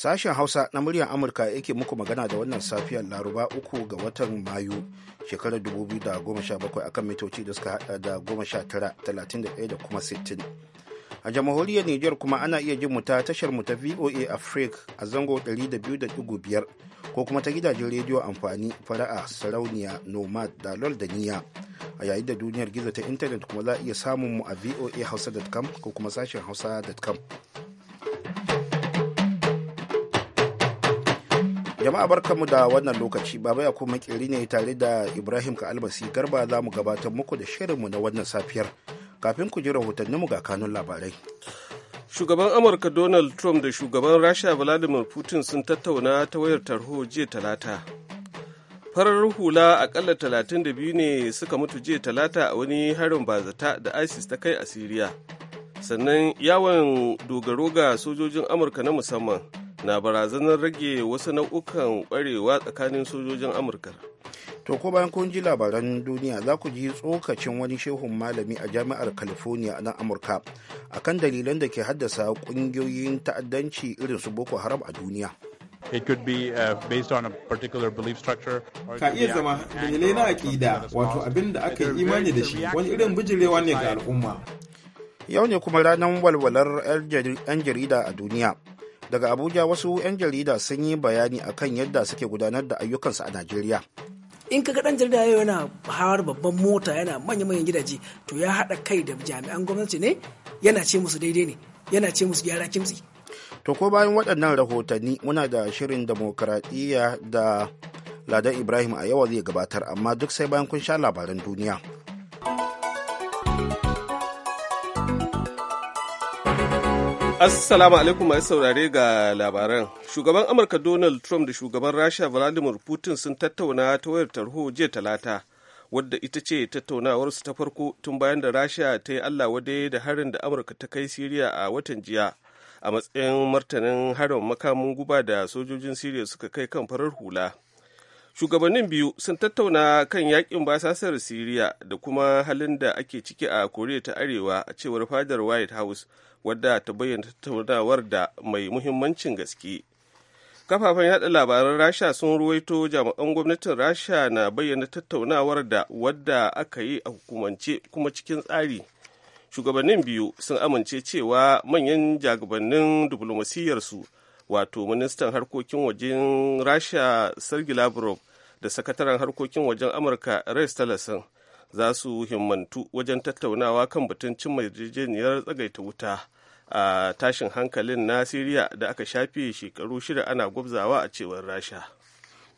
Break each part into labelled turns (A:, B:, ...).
A: Sashen Hausa na muryar Amurka yake muku magana da wannan safiyar Laruba uku ga watan Mayu shekarar 2017 akan mitoci da suka hada da tara talatin da kuma 60. A jamhuriyar Nijar kuma ana iya jin mu ta tashar mu ta VOA Africa a zango 200.5 ko kuma ta gidajen rediyo amfani fara'a sarauniya nomad da lol da niya a yayin da duniyar gizo ta intanet kuma za a iya samun mu a voa voahausa.com ko kuma sashen hausa.com jama'a barkanmu da wannan lokaci baba ya kuma kiri ne tare da ibrahim ka albasi garba za mu gabatar muku da shirinmu na wannan safiyar kafin ku ji rahotanninmu ga kanun labarai
B: shugaban amurka donald trump da shugaban rasha vladimir putin sun tattauna ta wayar tarho jiya talata farar hula akalla biyu ne suka mutu jiya talata a wani harin bazata da isis ta kai a siriya sannan yawon dogaro ga sojojin amurka na musamman na barazanar rage wasu nau'ukan kwarewa tsakanin sojojin amurka
A: to ko bayan kun ji labaran duniya za ku ji tsokacin wani shehun malami a jami'ar california na nan amurka akan dalilan da ke haddasa kungiyoyin ta'addanci irin su boko haram a duniya
C: It could be uh, based on a particular belief structure. Ka iya zama dalilai na aƙida wato
A: abin da aka yi imani da shi wani irin bijirewa ne ga al'umma. Yau ne kuma ranar walwalar 'yan jarida a duniya. daga abuja wasu 'yan jarida sun yi bayani akan yadda suke gudanar da ayyukansu a najeriya
D: in kaga dan jarida yau yana hawar babban mota yana manya manyan gidaje to ya haɗa kai da jami'an gwamnati ne yana ce musu daidai ne yana ce musu gyara kimtsi
A: to ko bayan waɗannan rahotanni muna da shirin demokradiyya da ladan ibrahim a yawa zai gabatar amma duk sai bayan kun sha labaran duniya
B: Assalamu alaikum mai saurare ga labaran. Shugaban Amurka Donald Trump da shugaban Rasha Vladimir Putin sun tattauna ta wayar tarho jiya talata, wadda ita ce tattaunawar su ta farko tun bayan da Rasha ta yi Allah wadai da harin da Amurka ta kai Siriya a watan jiya a matsayin martanin harin makamin guba da sojojin Siriya suka kai kan farar hula. Shugabannin biyu sun tattauna kan yakin basasar Siriya da kuma halin da ake ciki a Koriya ta Arewa a cewar fadar White House. wadda ta bayyana tattaunawar da mai muhimmancin gaske kafafen yada labaran rasha sun ruwaito jami'an gwamnatin rasha na bayyana tattaunawar da wadda aka yi a hukumance kuma cikin tsari shugabannin biyu sun amince cewa manyan jagabannin diplomasiyyarsu wato ministan harkokin wajen rasha sergei lavrov da sakataren harkokin wajen amurka rex tillerson za su himmantu wajen tattaunawa kan batun cimma yarjejeniyar tsagaita wuta a tashin hankalin na siriya da aka shafe shekaru shida ana gwabzawa a cewar rasha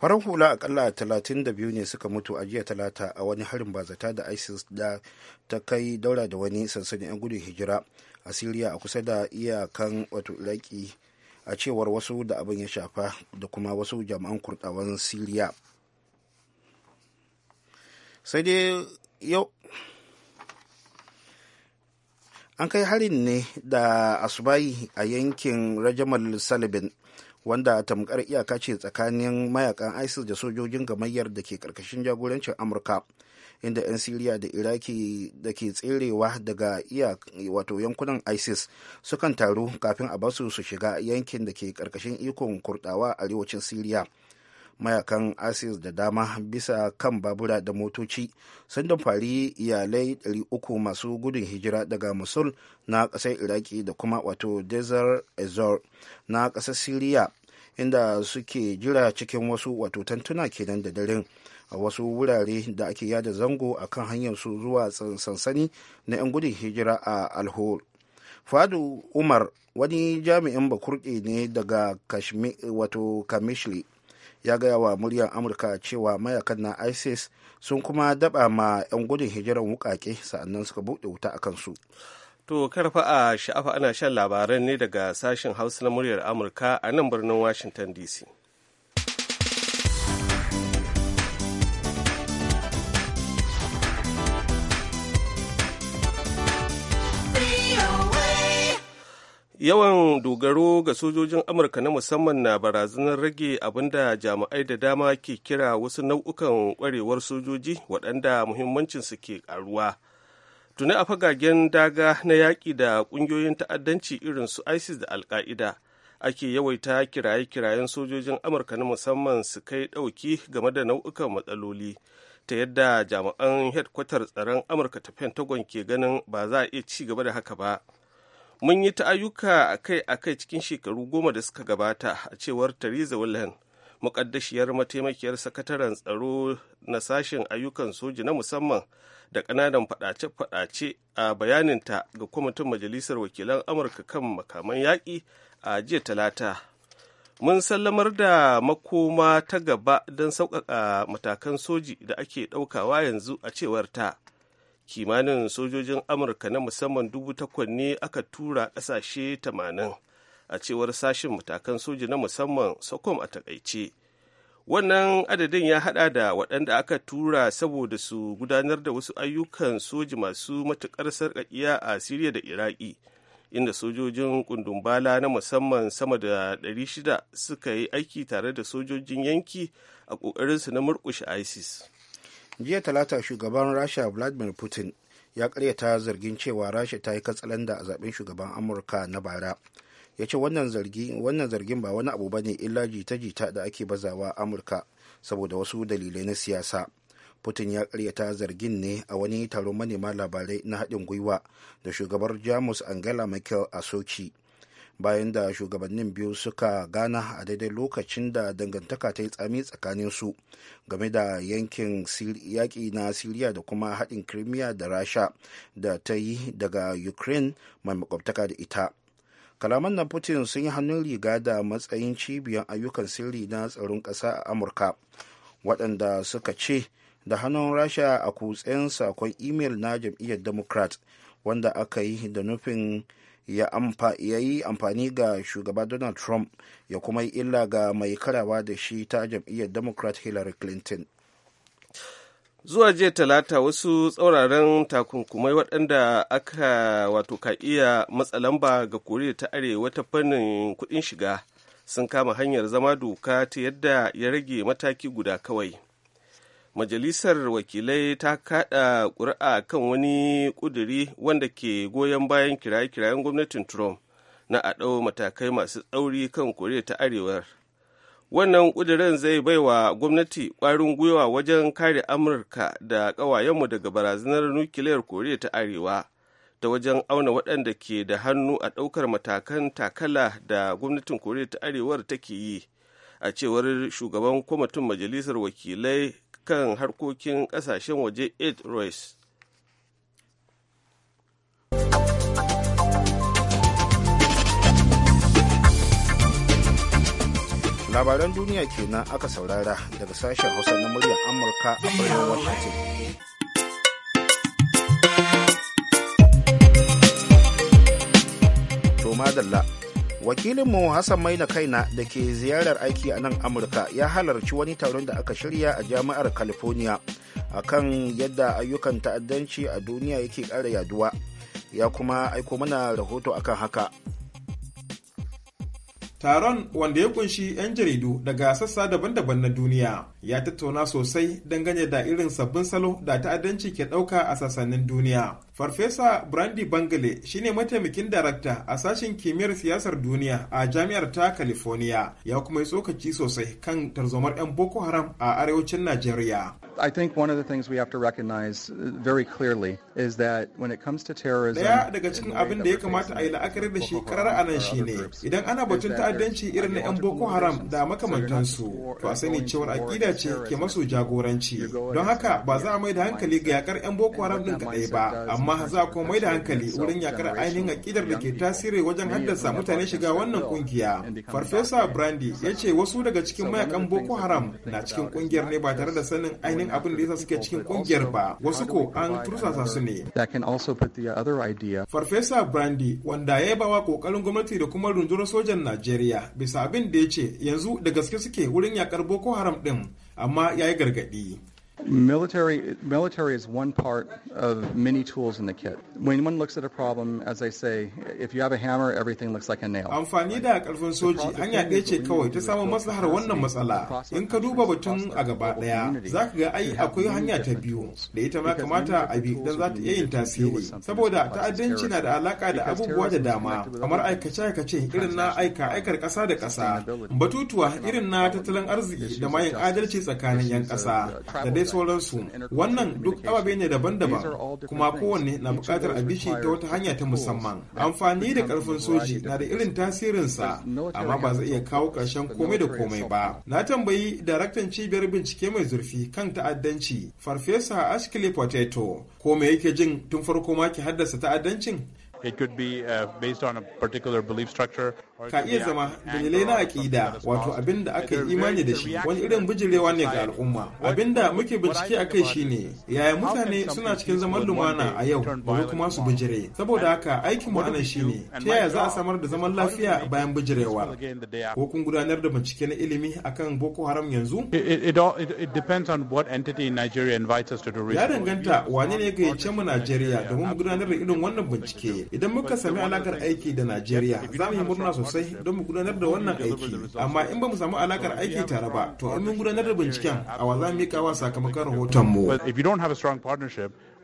A: farar hula akalla 32 ne suka mutu a jiya talata a wani harin bazata da isis da ta kai daura da wani sansanin 'yan gudun hijira a siriya a kusa da iyakan wato iraki a cewar wasu da abin ya shafa da kuma wasu jami'an kurdawan siriya sai dai yau an kai harin ne da asubayi a yankin rajamal salibin wanda tamkar iyaka ce tsakanin mayakan isis da sojojin gamayyar da ke karkashin jagorancin amurka inda 'yan siriya da iraki da ke tserewa daga wato yankunan isis sukan taru kafin a basu su shiga yankin da ke karkashin ikon kurdawa arewacin siriya mayakan isis da dama bisa kan babura da motoci sun fari iyalai 300 masu gudun hijira daga musul na ƙasar iraki da kuma wato desert azor na ƙasar syria inda suke jira cikin wasu wato tantuna kenan da daren a wasu wurare da ake yada zango a kan hanyar su zuwa sansani na 'yan gudun hijira a alhol fadu umar wani jami'in bakurke ne daga Kashmir wato kamishli ya gaya wa muryar amurka cewa mayakan na isis sun kuma daba ma 'yan gudun hijiran wukake sa'annan suka buɗe wuta a kansu
B: to karfa a sha'afa ana shan labaran ne daga sashen hausa na muryar amurka a nan birnin washington dc yawan dogaro ga sojojin amurka na musamman na barazanar rage abinda jami'ai da dama ke kira wasu nau'ukan kwarewar sojoji waɗanda muhimmancinsu ke ƙaruwa tuni a fagagen daga na yaƙi da ƙungiyoyin ta'addanci irin su isis da alka'ida ake yawaita kiraye-kirayen sojojin amurka na musamman su kai ɗauki game da nau'ukan matsaloli ta yadda jami'an hedkwatar tsaron amurka ta pentagon ke ganin ba za a iya ci gaba da haka ba mun yi ta ayyuka akai-akai cikin shekaru goma da suka gabata a cewar theresa wilhelm mukaddashiyar mataimakiyar sakataren tsaro na sashen ayyukan soji na musamman da ƙananan faɗace-faɗace a bayaninta ga kwamitin majalisar wakilan amurka kan makaman yaƙi a jiya talata mun sallamar da makoma ta gaba don sauƙaƙa matakan soji da ake ɗaukawa yanzu a cewar ta kimanin sojojin amurka na musamman dubu takwas ne aka tura ƙasashe tamanin, a cewar sashen matakan soji na musamman sokom a takaice wannan adadin ya hada da waɗanda aka tura saboda su gudanar da wasu ayyukan soji masu matuƙar sarƙaƙiya a siriya da iraki inda sojojin kundumbala na musamman sama da 600 suka yi aiki tare da sojojin yanki a ƙoƙarinsu na murƙushe isis
A: jiya talata shugaban rasha vladimir putin ya karyata zargin cewa rasha ta yi katsalanda a zaben shugaban amurka na bara ya ce wannan zargin ba wani abu bane illa jita-jita da ake bazawa amurka saboda wasu dalilai na siyasa putin ya karyata zargin ne a wani taron manema labarai na haɗin gwiwa da shugabar jamus angela merkel a sochi bayan da shugabannin biyu suka gana a daidai lokacin da dangantaka ta yi tsami tsakaninsu game da yankin yaƙi na siriya da kuma haɗin crimea da rasha da ta yi daga ukraine mai makwabtaka da ita kalaman na putin sun yi hannun riga da matsayin cibiyar ayyukan sirri na tsaron ƙasa a amurka waɗanda suka ce da hannun rasha a kutsen sakon imel na jam'iyyar democrat wanda aka yi da nufin ya yi amfani ga shugaba donald trump ya kuma yi illa ga mai karawa da shi ta jam'iyyar democrat hillary clinton
B: zuwa jiya talata wasu tsauraran takunkumai waɗanda aka wato ka iya matsalamba ga koriya ta arewa ta fannin kuɗin shiga sun kama hanyar zama doka ta yadda ya rage mataki guda kawai majalisar wakilai ta kada ƙuri'a kan wani ƙuduri wanda ke goyon bayan kiraye-kirayen gwamnatin trump na a ɗau matakai masu tsauri kan koriya ta arewar wannan kudurin zai baiwa gwamnati ƙwarin gwiwa wajen kare amurka da ƙawayenmu daga barazanar nukiliyar koriya ta arewa ta wajen auna waɗanda ke da hannu a ɗaukar matakan takala da gwamnatin koriya ta arewar take yi a cewar shugaban kwamitin majalisar wakilai kan harkokin kasashen waje ed royce
A: labaran duniya kenan aka saurara daga sashen hausa na muryar amurka a birnin washington to madalla wakilinmu hassan maina kaina da ke ziyarar aiki a nan amurka ya halarci wani taron da aka shirya a jami'ar california a kan yadda ayyukan ta'addanci a duniya yake ƙara yaduwa ya kuma aiko mana rahoto akan haka
E: Taron wanda ya kunshi 'yan jaridu daga sassa daban-daban na duniya ya tattauna sosai dangane da irin sabbin salo da ta'addanci ke ɗauka a sassanin duniya. Farfesa Brandy Bangale shine mataimakin darakta a sashen kimiyyar siyasar duniya a jami'ar ta California ya kuma yi tsokaci sosai kan tarzomar 'yan Boko Haram a arewacin Najeriya. I think we have to recognize uh, very clearly is that when it to terrorism... Daya daga cikin abin da ya kamata a yi la'akari da shi karar anan shine idan ana batun ta ta'addanci irin na 'yan boko haram da makamantansu to a sani cewar aƙida ce ke masu jagoranci don haka ba za a mai da hankali ga yakar 'yan boko haram din kaɗai ba amma za a kuma mai da hankali wurin yakar ainihin aƙidar da ke tasiri wajen haddasa mutane shiga wannan kungiya farfesa brandy ya ce wasu daga cikin mayakan boko haram na cikin kungiyar ne ba tare da sanin ainihin abin da yasa suke cikin kungiyar ba wasu ko an tursasa su ne farfesa brandy wanda ya yaba wa kokarin gwamnati da kuma rundunar sojan najeriya shari'a bisa abin da ya ce yanzu da gaske suke wurin yakar Boko Haram din amma ya yi gargaɗi.
F: Military, military is one part of many tools in the kit. When one looks at a problem, as I say, if you have a hammer, everything looks like a
G: nail.
E: Amfani da ƙarfin soji hanya ɗaya ce kawai ta samun maslahar wannan matsala. In ka duba batun a gaba ɗaya, za ka ga ai akwai hanya ta biyu da ita ma kamata a bi don za ta iya yin tasiri. Saboda ta'addanci na da alaƙa da abubuwa da dama, kamar aikace-aikace irin na aika aikar ƙasa da ƙasa, batutuwa irin na tattalin arziki da mayin adalci tsakanin 'yan ƙasa, da dai su wannan duk ababe ne daban-daban kuma kowanne na bukatar a bishi ta wata hanya ta musamman amfani da karfin soji na da irin tasirinsa amma ba zai iya kawo ƙarshen komai da komai ba na tambayi daraktan cibiyar bincike mai zurfi kan ta'addanci farfesa ashkili potato ko me yake jin tun farko ma ke haddasa ta'addancin
C: It be uh, particular belief
E: ka iya zama dalilai na aƙida wato abin da aka yi imani da shi wani irin bijirewa ne ga al'umma abin da muke bincike a kai shine yaya mutane suna cikin zaman lumana a yau ba kuma su bijire saboda haka aikin mu anan shine ta yaya za a samar da zaman lafiya bayan bijirewa ko kun gudanar da bincike na ilimi akan boko haram yanzu ya danganta wane ne gayyace mu Najeriya domin mu gudanar da irin wannan bincike idan muka sami alakar aiki da Najeriya za mu yi murna sosai sosai don mu gudanar da wannan aiki amma in ba mu samu alakar aiki tare ba to in mun gudanar da binciken a wa za mu sakamakon rahoton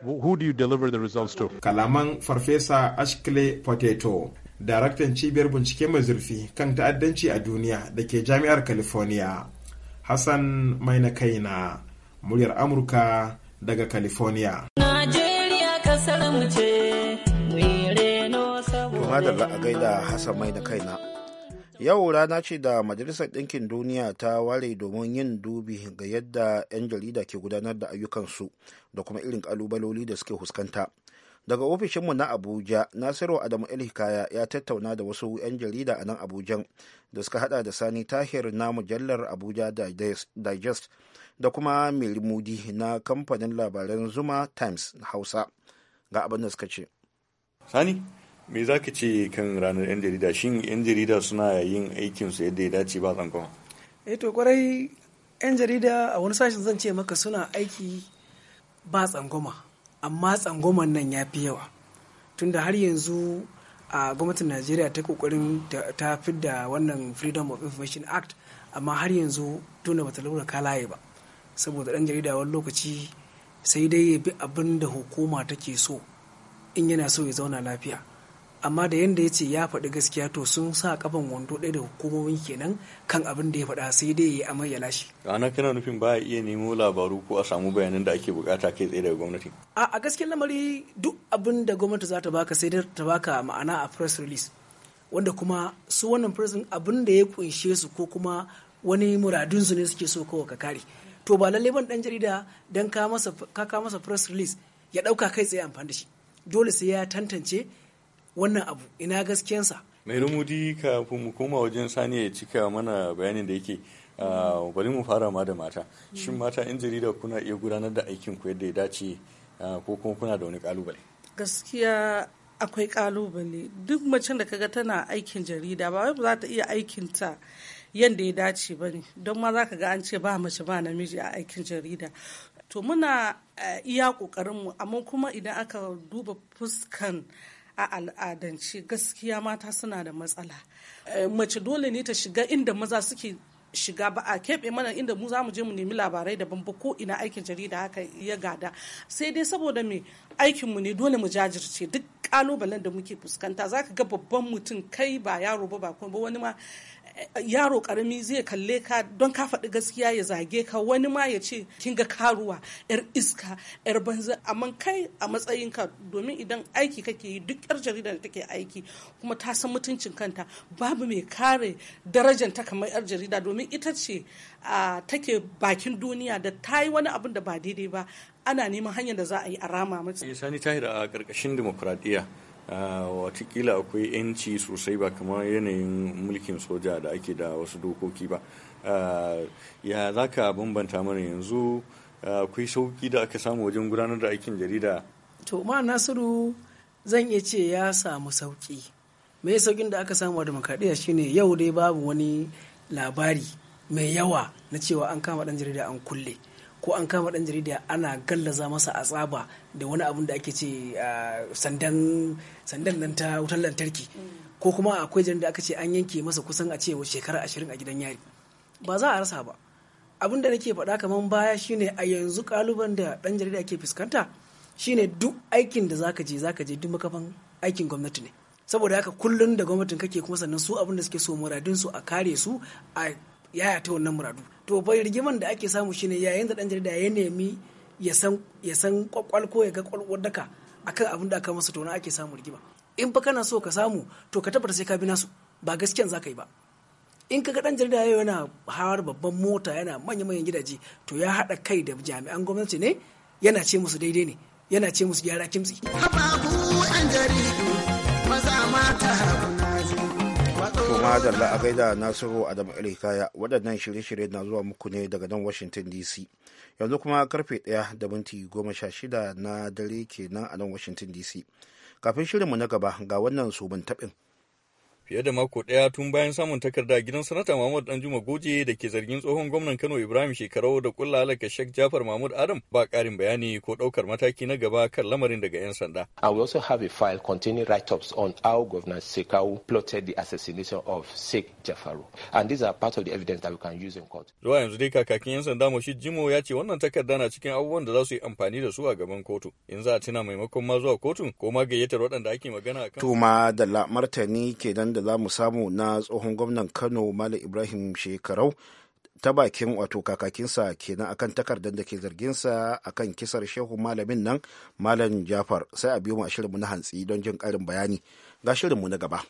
E: mu who do you deliver the results kalaman farfesa ashkle potato daraktan cibiyar bincike mai zurfi kan ta'addanci a duniya da ke jami'ar california hassan maina kaina muryar amurka daga california
G: nigeria
A: kasar mu ce
E: madalla a gaida Hassan mai da
A: kaina. Yau rana ce da Majalisar Ɗinkin Duniya ta ware domin yin dubi ga yadda 'yan jarida ke gudanar da ayyukansu da kuma irin kalubaloli da suke fuskanta. Daga ofishinmu na Abuja, Nasiru Adamu ilhikaya ya tattauna da wasu 'yan jarida a nan abuja da suka hada da Sani Tahir na mujallar Abuja Digest da kuma milimudi Mudi na kamfanin labaran Zuma Times Hausa.
C: Ga abin da suka ce. Sani, me za ka ce kan ranar 'yan jarida shin 'yan jarida suna yin aikinsu yadda ya dace ba tsankon
D: eh to kwarai 'yan jarida a wani sashen zan ce maka suna aiki ba tsangoma amma tsangoman nan ya fi yawa tunda har yanzu a gwamnatin najeriya ta kokarin ta fidda wannan freedom of information act amma har yanzu tunda bata laura kalaye ba saboda dan jarida wani lokaci sai dai ya bi abin da hukuma take so in yana so ya zauna lafiya amma da yadda ya ce ya faɗi gaskiya to sun sa kafan wando ɗaya da hukumomin kenan kan abin da ya faɗa sai dai ya yi amai ya lashe.
C: ana kana nufin ba iya nemo labaru ko a samu bayanan da ake bukata kai tsaye daga gwamnati.
D: a a gaskiyar lamari duk abin da gwamnati za ta baka sai ta baka ma'ana a press release wanda kuma su wannan press abin da ya kunshe su ko kuma wani muradunsu ne suke so kawai ka kare to ba lallai ban dan jarida dan ka masa ka masa press release ya ɗauka kai tsaye amfani da shi dole sai ya tantance wannan abu ina gaskiyansa
C: mai rumudi kafin mu koma wajen sani ya cika mana bayanin da yake bari mu fara ma da mata shin mata in jarida kuna iya gudanar da aikin ku yadda ya dace ko kuma kuna da wani kalubale
H: gaskiya akwai kalubale duk macen da kaga tana aikin jarida ba wai za ta iya aikin ta yanda ya dace ba ne don ma za ka ga an ce ba mace ba namiji a aikin jarida to muna iya mu amma kuma idan aka duba fuskan a al'adance gaskiya mata suna da matsala eh, mace dole ne ta shiga inda maza suke shiga ba a keɓe mana inda mu za mu je mu nemi labarai daban ba ko ina aikin jarida haka ya gada sai dai saboda me aikinmu ne dole mu jajirce duk kalubalen da muke fuskanta za ka ga babban mutum kai ba yaro ba ba kuma wani ma yaro karami zai kalle ka don ka faɗi gaskiya ya zage ka wani ma ya ce kin ga karuwa yar iska yar banza amma kai a matsayin ka domin idan aiki kake yi duk yar jarida da take aiki kuma ta san mutuncin kanta babu mai kare darajanta kamar yar jarida domin ita ce take bakin duniya da ta yi wani abin da ba daidai ba ana neman hanyar da za a yi a rama mata. Sani
C: Tahir a ƙarƙashin dimokuraɗiyya Ah, watakila akwai 'yanci sosai ba kamar yanayin mulkin soja da ake da wasu dokoki ba ah, ya za ka bambanta mana yanzu ah, akwai sauki da aka samu wajen gudanar da aikin jarida
D: to ma nasiru zan iya ce ya samu sauki mai saukin da aka samu a demokradiyya shine yau dai babu wani labari mai yawa na cewa an kama dan jarida an kulle ko an kama dan jarida ana gallaza masa a tsaba da wani abun da ake ce sandan nan ta wutar lantarki mm. ko kuma akwai jarida aka ce an yanke masa kusan a ce shekara ashirin a gidan yari ba za a rasa ba abin da nake faɗa kamar baya shine a yanzu kaluban da dan jarida ke fuskanta shine duk aikin da zaka je zaka je duk makafan aikin gwamnati ne saboda haka kullum da gwamnatin kake kuma sannan su abin da suke so muradun su a kare su a yaya ta wannan muradu to fa rigiman da ake samu shine yayin da dan jarida ya nemi ya san ya san kwakwal ko ya ga kwakwal daka akan abin da aka masa to na ake samu rigima in fa kana so ka samu to ka tabbata sai ka bi nasu ba gaskiyan zaka yi ba in ka ga dan jarida yau yana hawar babban mota yana manyan manyan gidaje to ya haɗa kai da jami'an gwamnati ne yana ce musu daidai ne yana ce musu gyara kimtsi hababu an jaridu maza mata
A: kuma zalla a gaida nasiru adam kaya waɗannan shirye-shirye na zuwa muku ne daga nan washington dc yanzu kuma karfe ɗaya da minti goma sha shida na dare kenan a nan washington dc kafin shirinmu na gaba ga wannan suban taɓin
C: fiye da mako ɗaya tun bayan samun takarda gidan sanata Mahmud Danjuma Goje da ke zargin tsohon gwamnan Kano Ibrahim Shekarau da kulla alaka Sheikh Jafar Mahmud Adam ba karin bayani ko ɗaukar mataki na gaba kan lamarin daga 'yan sanda.
I: and we also have a file containing write-ups on how Governor sekau plotted the assassination of Sheikh Jafaru and these are part of the evidence that we can use in court.
C: Zuwa yanzu dai kakakin 'yan sanda Moshid Jimo ya ce wannan takarda na cikin abubuwan da za su yi amfani da su a gaban kotu. In za a tuna maimakon ma zuwa kotu ko ma gayyatar waɗanda ake magana a
A: Tuma da martani ke dan da za mu samu na tsohon gwamnan kano malam ibrahim shekarau ta bakin wato kakakinsa kenan akan takardar da ke zargin sa akan kisar shehu malamin nan malam jafar sai a biyo mu a shirinmu na hantsi don jin karin bayani ga shirinmu na gaba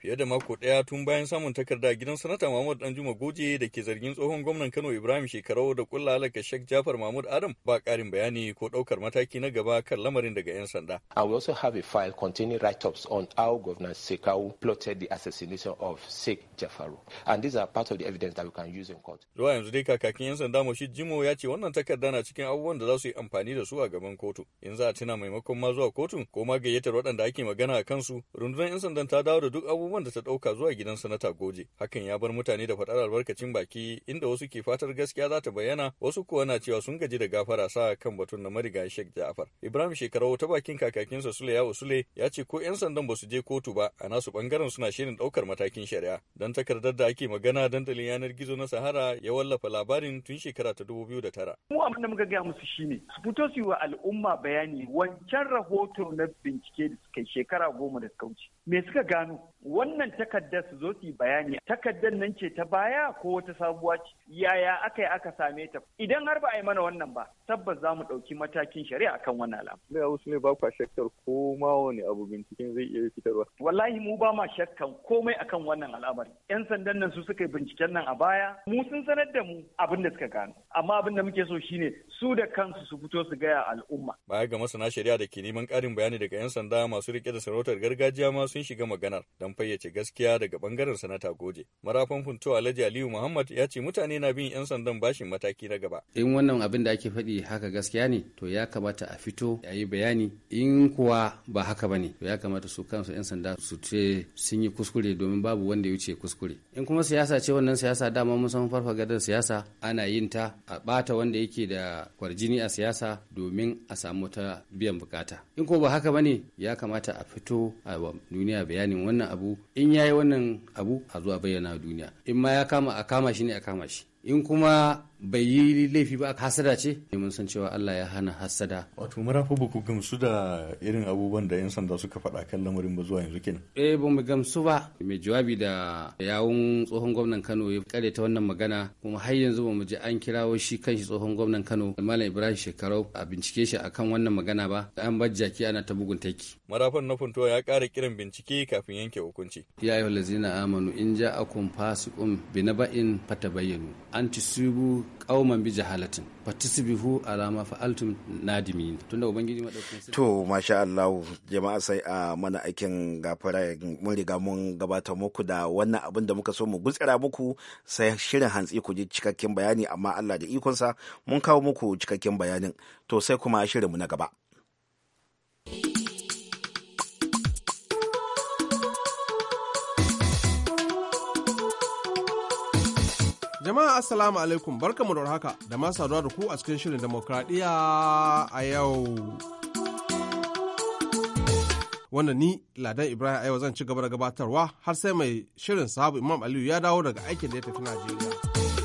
C: fiye da mako daya tun bayan samun takarda gidan sanata Mahmud Danjuma Goje da ke zargin tsohon gwamnan Kano Ibrahim Shekarau da kulla alaka Sheikh Jafar Mahmud Adam ba karin bayani ko daukar mataki na gaba kan lamarin daga 'yan sanda.
I: I will also have a file containing write-ups on how Governor Sekau plotted the assassination of Sheikh Jafaru and these are part of the evidence that we can use in
C: court. Zuwa yanzu dai kakakin 'yan sanda Moshid Jimo ya ce wannan takarda na cikin abubuwan da za su yi amfani da su a gaban kotu. In za a tuna maimakon ma zuwa kotu ko ma gayyatar waɗanda ake magana a kansu rundunar 'yan sandan ta dawo da duk abubuwan abubuwan da ta ɗauka zuwa gidan sanata goje hakan ya bar mutane da faɗar albarkacin baki inda wasu ke fatar gaskiya za ta bayyana wasu kuwa na cewa sun gaji da gafara sa kan batun na mariga Sheikh Ja'far Ibrahim Shekarau ta bakin kakakinsa Sule ya Sule ya ce ko 'yan sandan ba su je kotu ba a nasu bangaren suna shirin ɗaukar matakin shari'a dan takardar da ake magana dandalin yanar gizo na Sahara ya wallafa labarin tun shekara ta 2009
J: mu abin da muka gaya musu shine su fito su yi wa al'umma bayani wancan rahoto na bincike da suka shekara goma da suka wuce me suka gano wannan takardar su zo su yi bayani takardar nan ce ta baya ko wata sabuwa ce yaya aka aka same ta idan har ba a yi mana wannan ba tabbas za mu ɗauki matakin shari'a akan wannan al'amari.
C: Da wasu ne ba ku shakkar ko ma wani abu binciken zai iya fitarwa. Wallahi
J: mu ba ma shakkan komai akan wannan al'amari. 'Yan sandan nan su suka binciken nan a baya mu sun sanar da mu abin da suka gano amma abin da muke so shine su da kansu su fito su gaya al'umma.
C: Baya ga masana shari'a da ke neman ƙarin bayani daga 'yan sanda masu rike da sarautar gargajiya ma sun shiga maganar don fayyace gaskiya daga bangaren sanata goje marafan funto alhaji aliyu muhammad ya ce mutane na bin yan sandan bashin mataki na gaba
G: in wannan abin da ake faɗi haka gaskiya ne to ya kamata a fito a yi bayani in kuwa ba haka ba ne to ya kamata su kansu yan sanda su ce sun yi kuskure domin babu wanda ya wuce kuskure in kuma siyasa ce wannan siyasa dama mun san farfagadar siyasa ana yin ta a bata wanda yake da kwarjini a siyasa domin a samu ta biyan bukata in ko ba haka ba ne ya kamata a fito a duniya bayanin wannan abu in ya yi wannan abu a zuwa bayyana duniya in ma ya kama a kama shi ne a kama shi in kuma bai yi laifi ba hasada ce mun san cewa Allah ya hana hasada
C: wato marafa ba ku gamsu da irin abubuwan da yan sanda suka faɗa kan lamarin ba zuwa yanzu kenan
G: eh ba mu gamsu ba mai jawabi da yawun tsohon gwamnan Kano ya kare ta wannan magana kuma har yanzu ba mu ji an kirawo shi kanshi tsohon gwamnan Kano Malam Ibrahim Shekarau a bincike shi akan wannan magana ba an bar jaki ana ta bugun taki
C: marafan na funtuwa ya ƙara kiran bincike kafin yanke hukunci
G: ya ladzina amanu in ja'akum fasiqun binaba'in fatabayyanu an kauman bi jahalatin fatisbihu ala ma fa'altum nadimin tunda ubangiji madaukakin to
A: masha Allah jama'a sai a mana aikin gafara mun riga mun gabatar muku da wannan abin da muka so mu gutsira muku sai shirin hantsi ku ji cikakken bayani amma Allah da ikon sa mun kawo muku cikakken bayanin to sai kuma shirin mu na gaba.
F: Jama'a Assalamu alaikum barkamu da haka da ma saduwa da ku a cikin shirin demokradiyya a yau. Wanda ni Ladan Ibrahim a zan ci gaba da gabatarwa har sai mai shirin sahabu Imam Aliyu ya dawo daga aikin da ya tafi Najeriya.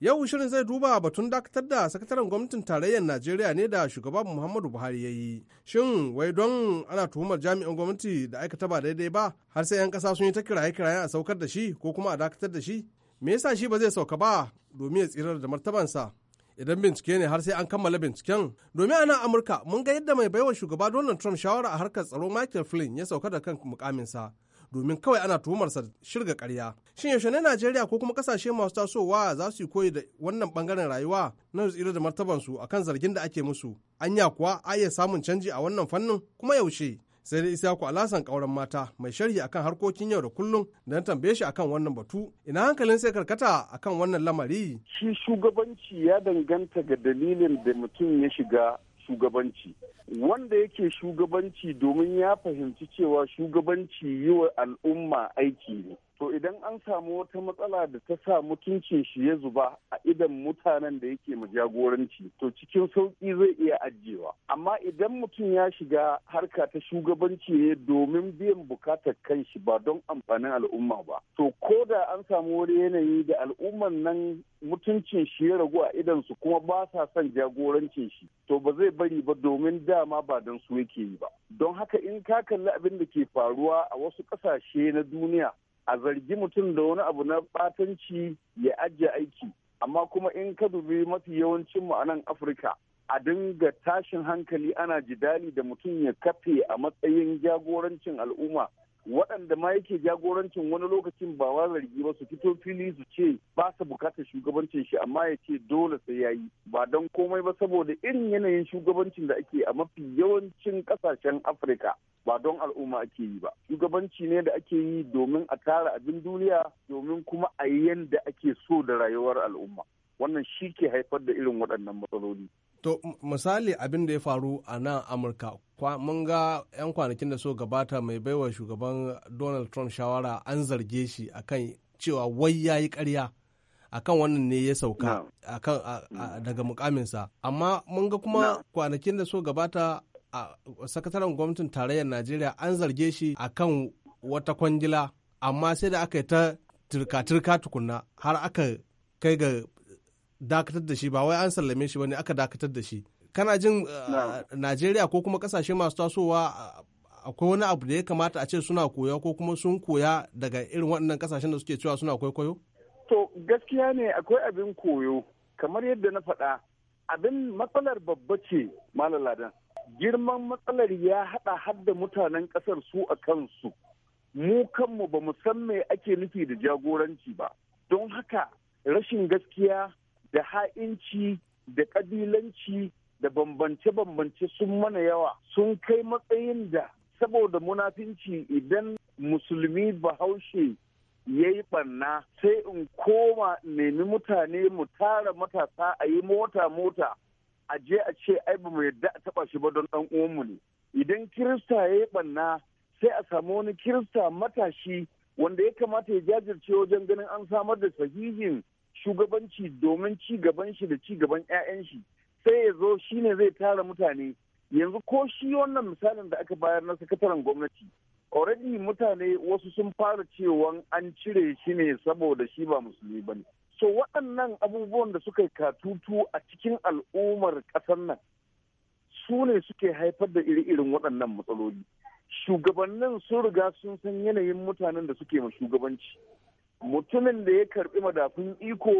F: Yau shirin zai duba batun dakatar da sakataren gwamnatin tarayyar Najeriya ne da shugaban Muhammadu Buhari ya yi. Shin wai don ana tuhumar jami'an gwamnati da aikata ba daidai ba har sai 'yan kasa sun yi ta kiraye kiraye a saukar da shi ko kuma a dakatar da shi? Me yasa shi ba zai sauka ba domin ya tsirar da martabansa? Idan bincike ne har sai an kammala binciken. Domin a Amurka mun ga yadda mai baiwa shugaba Donald Trump shawara a harkar tsaro Michael Flynn ya sauka da kan mukaminsa. domin kawai ana tuhumarsa shirga karya. Shin yaushe ne Najeriya ko kuma kasashe masu tasowa za su yi koyi da wannan bangaren rayuwa na tsira da martabansu akan zargin da ake musu? Anya kuwa a iya samun canji a wannan fannin kuma yaushe? Sai dai Isiyaku Alasan kauran mata mai sharhi akan harkokin yau da kullum da na tambaye shi akan wannan batu. Ina hankalin sai karkata akan wannan lamari? Shi shugabanci
J: ya danganta ga dalilin da mutum ya shiga shugabanci wanda yake shugabanci domin ya fahimci cewa shugabanci yi wa al'umma aiki ne to idan an samu wata matsala da ta sa mutuncin shi ya zuba a idan mutanen da yake ma jagoranci to cikin sauƙi zai iya ajiyewa amma idan mutum ya shiga harka ta shugabanci ne domin biyan bukatar kanshi ba don amfanin al'umma ba to ko da an samu wani yanayi da al'umman nan mutuncin shi ya ragu a idan su kuma ba sa son jagorancin shi to ba zai bari ba domin dama ba don su yake yi ba don haka in ka kalli abin da ke faruwa a wasu ƙasashe na duniya a zargi mutum da wani abu na batanci ya ajiye aiki amma kuma in ka dubi mafi yawancin a nan afirka a dinga tashin hankali ana jidali da mutum ya kafe a matsayin jagorancin al'umma waɗanda ma yake jagorancin wani lokacin ba wa zargi ba su fito fili su ce ba su bukatar shugabancin shi amma ya ce dole sai ya yi ba don komai ba saboda irin yanayin shugabancin da ake a mafi yawancin ƙasashen afirka ba don al'umma ake yi ba shugabanci ne da ake yi domin a tara abin duniya domin kuma a yi yadda ake so da rayuwar al'umma wannan shi ke haifar da irin waɗannan matsaloli
F: To misali abin da ya faru a nan Amurka mun ga 'yan kwanakin da so gabata mai baiwa shugaban Donald Trump shawara an zarge shi akan cewa wai ya yi karya akan wannan ne ya sauka mm. daga mukaminsa. Amma mun ga kuma kwanakin da so gabata a sakataren gwamnatin tarayyar Najeriya an zarge shi akan wata kwangila amma sai da aka yi ta turka-turka tukunna har aka kai ga dakatar da shi ba wai an sallame shi bane aka dakatar da shi kana jin uh, Najeriya ko kuma kasashe masu tasowa uh, akwai wani abu da ya kamata a ce suna koya ko kuma sun koya daga irin waɗannan kasashen da suke cewa suna kwaikwayo?
J: To gaskiya ne akwai abin koyo kamar yadda na faɗa abin matsalar babba ce malaladan girman matsalar ya haɗa har da mutanen ƙasar su a kansu mu kanmu ba mu san me ake nufi da jagoranci ba don haka rashin gaskiya da ha'inci da ƙabilanci da bambance-bambance sun mana yawa sun kai matsayin da saboda munafinci idan musulmi bahaushe ya yi ɓanna sai in koma nemi mutane mu tara matasa a yi mota-mota a je a ce ai ba mu yadda a taɓa shi ba don ɗan uwanmu ne idan kirista ya yi ɓanna sai a samu wani kirista matashi wanda ya kamata ya jajirce wajen ganin an samar da sahihin shugabanci domin ci gaban shi da ci gaban 'ya'yan shi sai ya zo shi ne zai tara mutane yanzu ko shi wannan misalin da aka bayar na sakataren gwamnati already mutane wasu sun fara cewa an cire shi ne saboda shi ba musulmi ba ne so waɗannan abubuwan da suka katutu a cikin al'ummar ƙasar nan su ne suke haifar da iri-irin waɗannan matsaloli shugabannin sun riga sun san yanayin mutanen da suke ma shugabanci mutumin da ya karbi madafun iko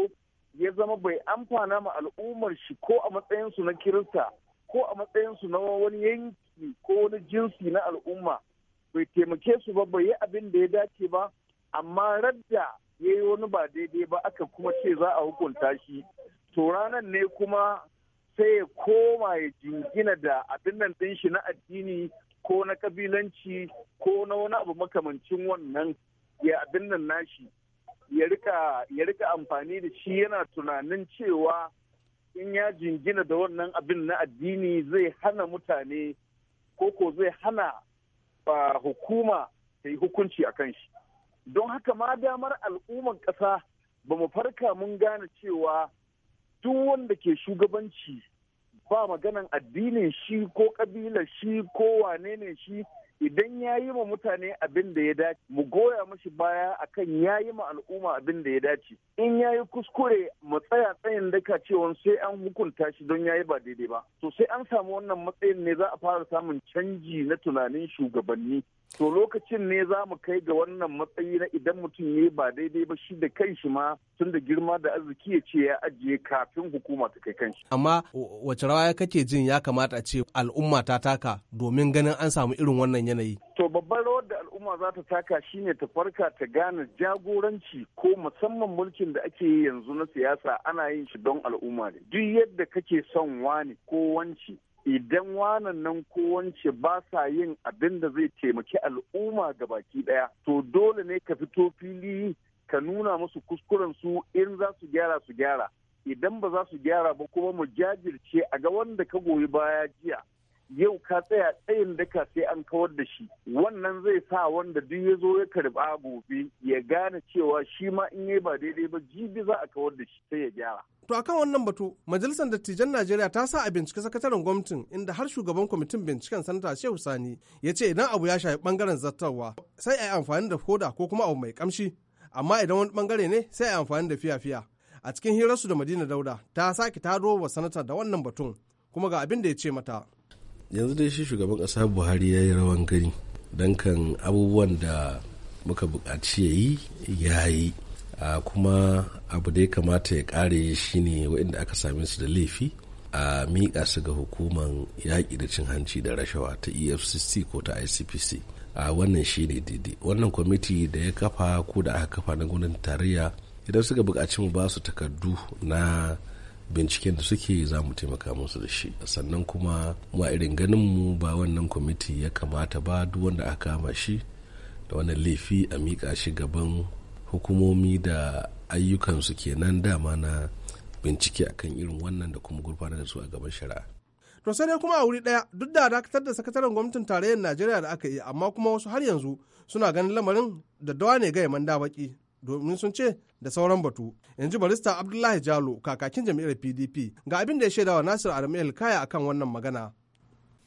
J: ya zama bai amfana ma al'ummar shi ko a matsayinsu na kirista ko a matsayinsu na wani yanki ko wani jinsi na al'umma bai taimake su ba bai yi abin da ya dace ba amma radda ya yi wani ba daidai ba aka kuma ce za a hukunta shi to ranar ne kuma sai ya koma ya jingina da abin nan ɗin shi na addini ko na kabilanci ko na wani abu makamancin wannan ya abin nan nashi ya rika amfani da shi yana tunanin cewa in ya jingina da wannan abin na addini zai hana mutane ko ko zai hana hukuma ta yi hukunci a kan shi don haka ma damar al'umman ƙasa ba mu farka mun gane cewa duk wanda ke shugabanci ba maganan addinin shi ko ƙabilar shi ko wane ne shi idan ya yi ma mutane abin da ya dace mu goya mashi baya akan ya yi ma al'umma abin da ya dace in ya yi kuskure mu tsaya tsayin daka cewa sai an hukunta shi don ya yi ba daidai ba to sai an samu wannan matsayin ne za a fara samun canji na tunanin shugabanni to lokacin ne za mu kai ga wannan matsayi na idan mutum ya ba daidai ba shi da kai shi ma tun da girma da arziki ya ce ya ajiye kafin hukuma ta kai kanshi.
F: Amma wace rawa kake jin ya kamata a ce al'umma ta taka domin ganin an samu irin wannan yanayi?
J: To babban rawar da al'umma za ta taka shine ta farka ta gane jagoranci ko musamman mulkin da ake yi yanzu na siyasa ana yin shi don al'umma ne. Duk yadda kake son wani ko wanci idan wanan nan ko ba sa yin abin da zai taimaki al'umma ga baki daya to dole ne ka fito fili ka nuna musu kuskuren su in za su gyara su gyara idan ba za su gyara ba kuma mu jajirce a ga wanda ka goyi baya jiya yau ka tsaya tsayin daka sai an kawar da shi wannan zai sa wanda duk ya zo ya karba gobe ya gane cewa shi ma in yi ba daidai ba jibi za a kawar da shi sai ya gyara
F: To a kan wannan batu, Majalisar Dattijan Najeriya ta sa a bincike sakataren gwamnatin inda har shugaban kwamitin binciken sanata Shehu Sani ya ce idan abu ya shafi bangaren zartarwa sai a yi amfani da koda ko kuma abu mai kamshi, amma idan wani bangare ne sai a yi amfani da fiya-fiya. A cikin hirarsu da Madina Dauda ta sake taro wa sanata da wannan batun kuma ga abin da ya ce mata. Yanzu dai shi shugaban ƙasa Buhari ya yi rawan gani don kan abubuwan da muka buƙaci ya yi ya yi a kuma abu da ya kamata ya kare ne waɗanda aka same su da laifi a miƙa su ga hukuman yaƙi da cin hanci da rashawa ta efcc ko ta icpc a wannan ne daidai wannan kwamiti da ya kafa ko da aka kafa na gwamnatin tarayya idan suka buƙaci mu ba su takardu na binciken da suke za mu taimaka musu da shi sannan kuma mu a irin ganin mu ba wannan kwamiti ya kamata ba duk wanda aka kama shi da wannan laifi a miƙa shi gaban hukumomi da ayyukansu ke nan dama na bincike akan irin wannan da kuma gurfanar da su a gaban shari'a to sai dai kuma a wuri daya duk da dakatar da sakataren gwamnatin tarayyar najeriya da aka yi amma kuma wasu har yanzu suna ganin lamarin da dawa ne gaya manda baki domin sun ce da sauran batu yanzu barista abdullahi jalo kakakin jami'ar pdp ga abin da ya shaidawa nasir adamu kaya akan wannan magana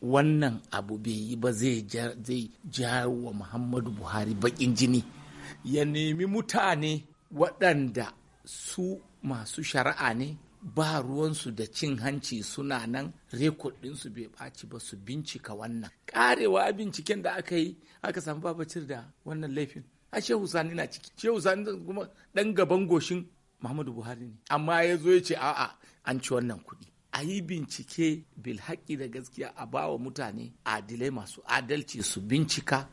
I: wannan abu bai yi ba zai jawo wa muhammadu buhari bakin jini ya nemi mutane waɗanda su masu shari'a ne ba ruwansu da cin hanci suna nan rekodinsu su bai ɓaci ba su bincika wannan ƙarewa binciken da aka yi aka samu babacir da wannan laifin a shehu sani na ciki shehu sani kuma ɗan gaban goshin muhammadu buhari ne amma ya zo ya ce a'a an ci wannan kuɗi a yi bincike bilhaƙi da gaskiya a bawa mutane adilai masu adalci su bincika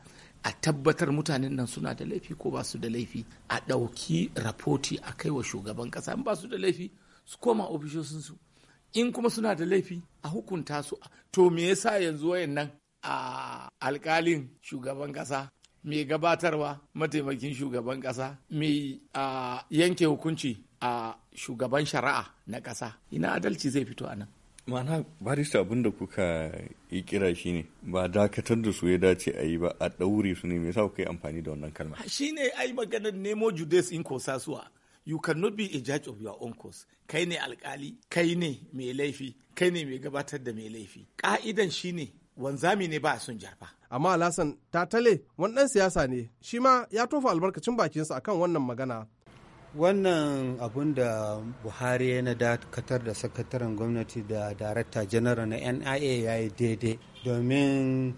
I: a tabbatar mutanen nan suna da laifi ko ba su da laifi a ɗauki rapoti a kai wa shugaban ƙasa in ba su da laifi su koma ofishosinsu in kuma suna da laifi a hukunta su to me yasa yanzu wayannan a alkalin shugaban ƙasa mai gabatarwa mataimakin shugaban ƙasa mai yanke hukunci a shugaban shari'a na ƙasa ina adalci zai
C: fito a nan mana barista abin da kuka yi kira shi ne ba dakatar da su ya dace a yi ba a ɗaure su ne me sa kuka amfani da wannan kalma
I: shi ne ai maganar nemo judes in sasuwa you cannot be a judge of your own cause kai ne alkali kai ne mai laifi kai ne mai gabatar da mai laifi ƙa'idan shi ne wanzami ne ba a sun
F: jarfa amma alasan tatale wani ɗan siyasa ne shi ma ya tofa albarkacin bakinsa akan wannan magana
G: wannan abun da buhari ya na dakatar da sakataren gwamnati da darakta janaral na nia ya yi daidai domin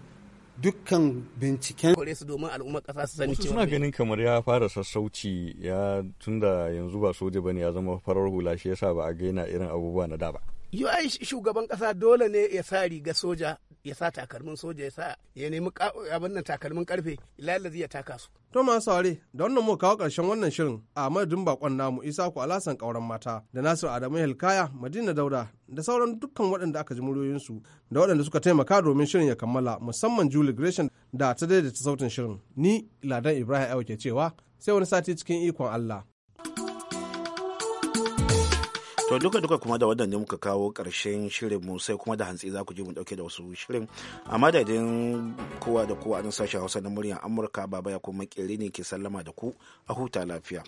G: dukkan binciken kore
C: su domin al'ummar kasa su sani cewa suna ganin kamar ya fara sassauci ya tunda yanzu ba soja bane ya zama farar hula shi yasa ba a gaina irin abubuwa na da ba
I: yi shugaban kasa dole ne ya sa riga soja ya sa takalmin soja ya sa ya nemi abin nan takalmin karfe lalazi ya taka su.
F: To masu aure da wannan mu kawo ƙarshen wannan shirin a madadin bakon namu Isa ku alasan ƙauren mata da Nasiru Adamu Hilkaya Madina Dauda da sauran dukkan waɗanda aka ji muryoyinsu da waɗanda suka taimaka domin shirin ya kammala musamman Julie Gresham da ta daidaita sautin shirin. Ni Ladan Ibrahim Ayo ke cewa sai wani sati cikin ikon Allah.
A: to duka duka kuma da wannan muka kawo karshen shirin mu sai kuma da hantsi za ku je mu dauke da wasu shirin a madadin kowa da kowa a nan sashen hausa na muryar amurka baba ya kuma kere ne ke sallama da ku a huta lafiya